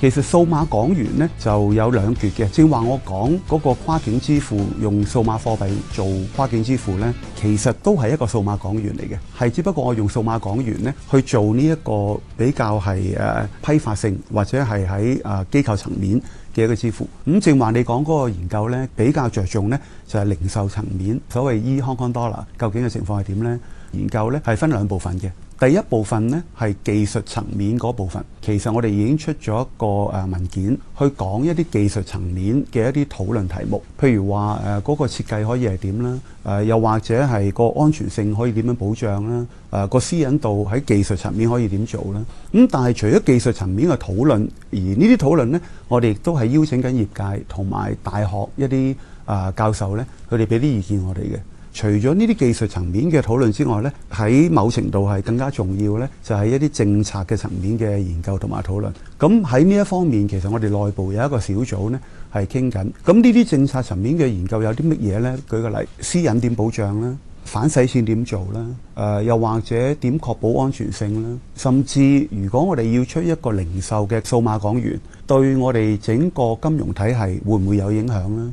其實數碼港元呢就有兩橛嘅，正話我講嗰個跨境支付用數碼貨幣做跨境支付呢，其實都係一個數碼港元嚟嘅，係只不過我用數碼港元呢去做呢一個比較係誒批發性或者係喺誒機構層面嘅一個支付。咁正話你講嗰個研究呢，比較着重呢就係零售層面，所謂 e Hong Kong Dollar 究竟嘅情況係點呢？研究呢係分兩部分嘅。第一部分呢，係技術層面嗰部分，其實我哋已經出咗一個誒文件，去講一啲技術層面嘅一啲討論題目，譬如話嗰、呃嗰個設計可以係點啦，誒、又或者係個安全性可以點樣保障啦，誒、呃、個私隱度喺技術層面可以點做啦。咁但係除咗技術層面嘅討論，而呢啲討論呢，我哋亦都係邀請緊業界同埋大學一啲、呃、教授呢，佢哋俾啲意見我哋嘅。除咗呢啲技術層面嘅討論之外呢，喺某程度係更加重要呢，就係一啲政策嘅層面嘅研究同埋討論。咁喺呢一方面，其實我哋內部有一個小組呢，係傾緊。咁呢啲政策層面嘅研究有啲乜嘢呢？舉個例，私隱點保障啦，反洗錢點做啦，誒又或者點確保安全性啦，甚至如果我哋要出一個零售嘅數碼港元，對我哋整個金融體系會唔會有影響呢？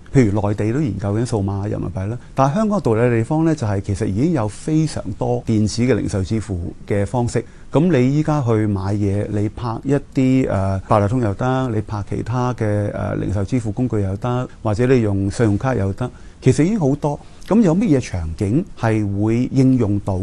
譬如內地都研究緊數碼人民幣啦，但香港獨特嘅地方呢，就係其實已經有非常多電子嘅零售支付嘅方式。咁你依家去買嘢，你拍一啲誒八達通又得，你拍其他嘅、呃、零售支付工具又得，或者你用信用卡又得，其實已經好多。咁有乜嘢場景係會應用到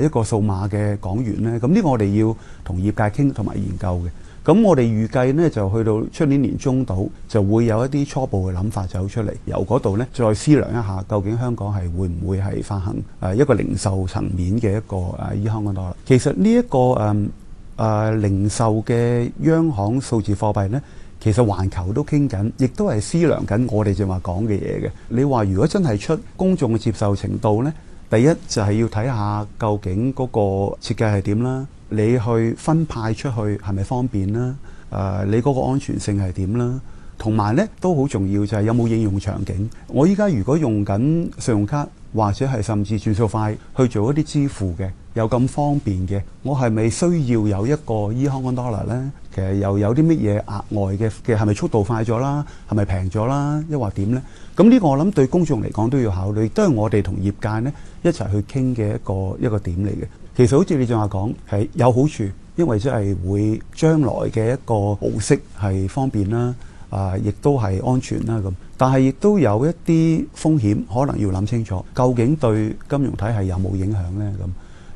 一個數碼嘅港元呢？咁呢個我哋要同業界傾同埋研究嘅。咁我哋預計咧就去到出年年中度，就會有一啲初步嘅諗法走出嚟，由嗰度咧再思量一下，究竟香港係會唔會係發行誒一個零售層面嘅一個誒央行嘅內。其實呢一個誒誒零售嘅央行數字貨幣咧，其實環球都傾緊，亦都係思量緊我哋正話講嘅嘢嘅。你話如果真係出，公眾嘅接受程度咧，第一就係要睇下究竟嗰個設計係點啦。你去分派出去係咪方便呢、啊？誒，uh，你嗰個安全性係點啦？同埋咧都好重要，就係有冇應用場景？我依家如果用緊信用卡或者係甚至轉數快去做一啲支付嘅，有咁方便嘅，我係咪需要有一個 e-Hong Kong Dollar 咧？其實又有啲乜嘢額外嘅嘅係咪速度快咗啦？係咪平咗啦？又或點咧？咁呢個我諗對公眾嚟講都要考慮，都係我哋同業界呢一齊去傾嘅一個一個點嚟嘅。其實好似你正話講係有好處，因為即係會將來嘅一個模式係方便啦，啊，亦都係安全啦咁。但係亦都有一啲風險，可能要諗清楚，究竟對金融體系有冇影響呢咁。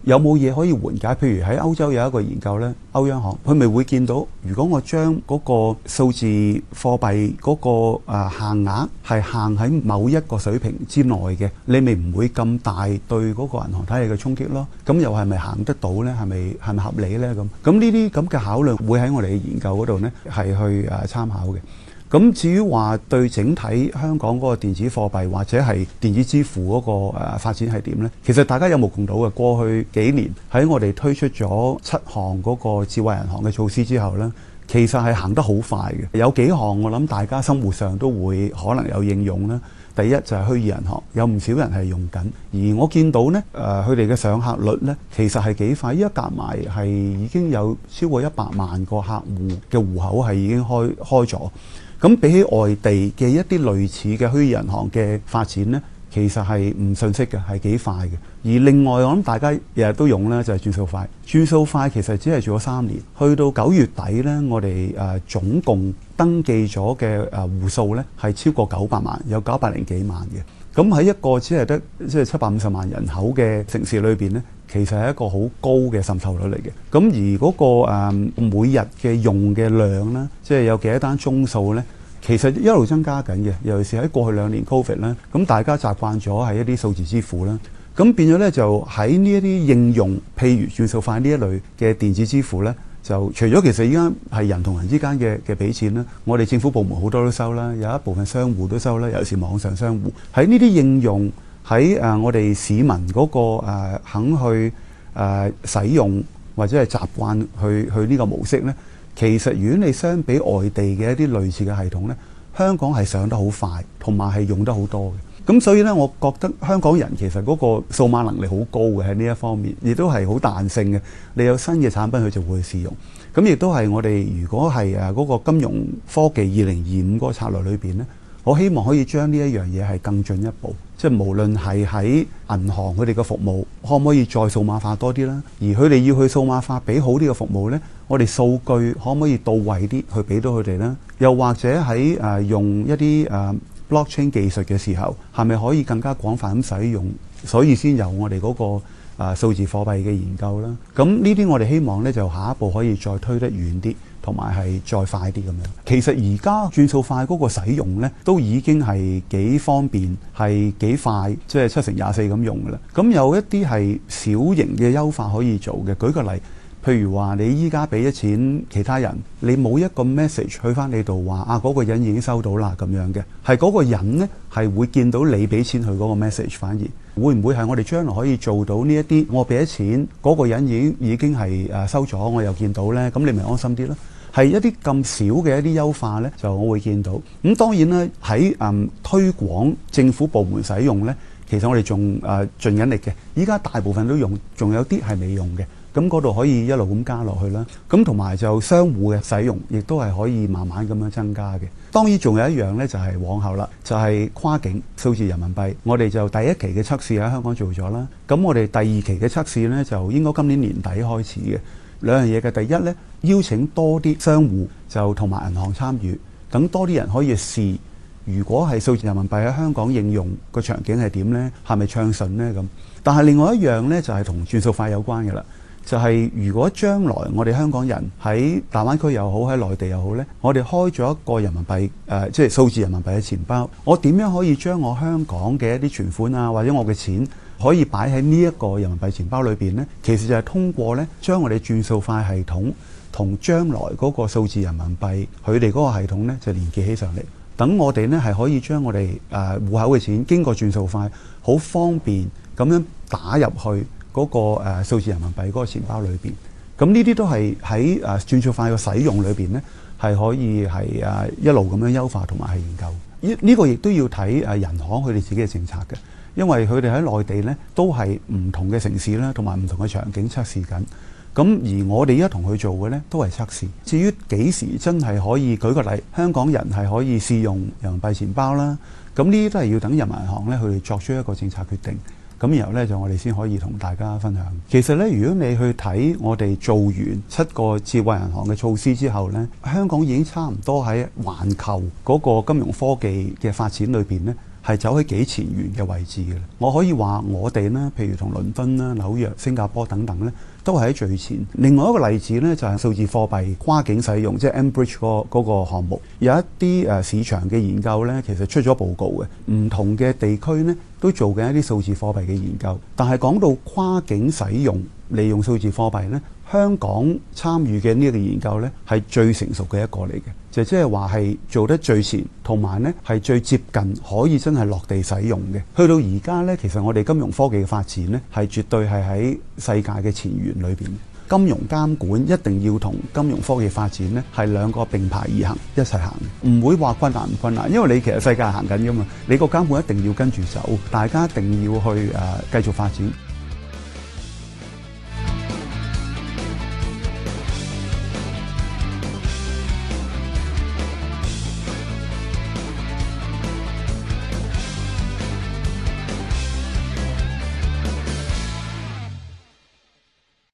有冇嘢可以緩解？譬如喺歐洲有一個研究咧，歐央行佢咪會見到，如果我將嗰個數字貨幣嗰個啊限額係限喺某一個水平之內嘅，你咪唔會咁大對嗰個銀行體系嘅衝擊咯。咁又係咪行得到咧？係咪係咪合理咧？咁咁呢啲咁嘅考量會喺我哋嘅研究嗰度咧，係去誒參考嘅。咁至於話對整體香港嗰個電子貨幣或者係電子支付嗰個、呃、發展係點呢？其實大家有目共睹嘅。過去幾年喺我哋推出咗七項嗰個智慧銀行嘅措施之後呢，其實係行得好快嘅。有幾項我諗大家生活上都會可能有應用啦。第一就係虛擬銀行，有唔少人係用緊，而我見到呢，誒、呃，佢哋嘅上客率呢，其實係幾快。而家夾埋係已經有超過一百萬個客戶嘅戶口係已經開開咗。咁比起外地嘅一啲類似嘅虛擬銀行嘅發展呢，其實係唔遜色嘅，係幾快嘅。而另外我諗大家日日都用呢，就係、是、轉數快。轉數快其實只係做咗三年，去到九月底呢，我哋、呃、總共登記咗嘅誒戶數呢，係超過九百萬，有九百零幾萬嘅。咁喺一個只係得即係七百五十萬人口嘅城市裏邊咧，其實係一個好高嘅滲透率嚟嘅。咁而嗰個誒每日嘅用嘅量咧，即係有幾多單宗數咧，其實一路增加緊嘅。尤其是喺過去兩年 Covid 呢，咁大家習慣咗係一啲數字支付啦，咁變咗咧就喺呢一啲應用，譬如轉數快呢一類嘅電子支付咧。就除咗其實依家係人同人之間嘅嘅俾錢，我哋政府部門好多都收啦，有一部分商戶都收啦，有時網上商戶喺呢啲應用喺、呃、我哋市民嗰個、呃、肯去、呃、使用或者係習慣去去呢個模式咧，其實如果你相比外地嘅一啲類似嘅系統咧，香港係上得好快，同埋係用得好多嘅。咁所以呢，我覺得香港人其實嗰個數碼能力好高嘅喺呢一方面，亦都係好彈性嘅。你有新嘅產品，佢就會試用。咁亦都係我哋如果係誒嗰個金融科技二零二五嗰個策略裏邊呢，我希望可以將呢一樣嘢係更進一步，即係無論係喺銀行佢哋嘅服務，可唔可以再數碼化多啲啦？而佢哋要去數碼化，俾好啲呢個服務呢，我哋數據可唔可以到位啲去俾到佢哋呢？又或者喺誒用一啲誒 Blockchain 技術嘅時候，係咪可以更加廣泛咁使用？所以先有我哋嗰個，呃，數字貨幣嘅研究啦。咁呢啲我哋希望呢，就下一步可以再推得遠啲，同埋係再快啲咁樣。其實而家轉數快嗰個使用呢，都已經係幾方便，係幾快，即係七成廿四咁用噶啦。咁有一啲係小型嘅優化可以做嘅。舉個例。譬如話，你依家俾咗錢其他人，你冇一個 message 去翻你度話啊，嗰個人已經收到啦咁樣嘅，係嗰個人呢，係會見到你俾錢佢嗰個 message。反而會唔會係我哋將來可以做到呢一啲？我俾咗錢，嗰個人已經已經係收咗，我又見到呢，咁你咪安心啲咯。係一啲咁少嘅一啲優化呢，就我會見到。咁、嗯、當然啦，喺、嗯、推廣政府部門使用呢，其實我哋仲誒盡緊力嘅。依家大部分都用，仲有啲係未用嘅。咁嗰度可以一路咁加落去啦。咁同埋就商戶嘅使用，亦都係可以慢慢咁樣增加嘅。當然仲有一樣咧，就係往後啦，就係跨境數字人民幣。我哋就第一期嘅測試喺香港做咗啦。咁我哋第二期嘅測試咧，就應該今年年底開始嘅兩樣嘢嘅。第一咧，邀請多啲商戶就同埋銀行參與，等多啲人可以試。如果係數字人民幣喺香港應用個場景係點咧，係咪暢順咧咁？但係另外一樣咧，就係同轉數快有關嘅啦。就係如果將來我哋香港人喺大灣區又好，喺內地又好，呢我哋開咗一個人民幣誒、呃，即係數字人民幣嘅錢包，我點樣可以將我香港嘅一啲存款啊，或者我嘅錢可以擺喺呢一個人民幣錢包裏面呢？其實就係通過呢將我哋轉數快系統同將來嗰個數字人民幣佢哋嗰個系統呢，就連結起上嚟，等我哋呢係可以將我哋誒、呃、戶口嘅錢經過轉數快，好方便咁樣打入去。嗰個誒數字人民幣嗰個錢包裏邊，咁呢啲都係喺誒轉數快嘅使用裏邊咧，係可以係誒一路咁樣優化同埋係研究。呢呢個亦都要睇誒人行佢哋自己嘅政策嘅，因為佢哋喺內地咧都係唔同嘅城市咧同埋唔同嘅場景測試緊。咁而我哋一同佢做嘅咧都係測試。至於幾時真係可以，舉個例，香港人係可以試用人民幣錢包啦。咁呢啲都係要等人民銀行咧佢哋作出一個政策決定。咁然後呢，咧就我哋先可以同大家分享。其實咧，如果你去睇我哋做完七個智慧銀行嘅措施之後咧，香港已經差唔多喺環球嗰個金融科技嘅發展裏邊咧。係走喺幾前沿嘅位置嘅，我可以話我哋呢，譬如同倫敦啦、紐約、新加坡等等呢都係喺最前。另外一個例子呢，就係、是、數字貨幣跨境使用，即係 mBridge 嗰、那個那個項目。有一啲、啊、市場嘅研究呢，其實出咗報告嘅，唔同嘅地區呢，都做緊一啲數字貨幣嘅研究。但係講到跨境使用。利用數字貨幣呢，香港參與嘅呢個研究呢，係最成熟嘅一個嚟嘅，就即係話係做得最前，同埋呢係最接近可以真係落地使用嘅。去到而家呢，其實我哋金融科技嘅發展呢，係絕對係喺世界嘅前沿裏面。金融監管一定要同金融科技發展呢，係兩個並排而行，一齊行，唔會話困難唔困難，因為你其實世界行緊噶嘛，你個監管一定要跟住走，大家一定要去誒、啊、繼續發展。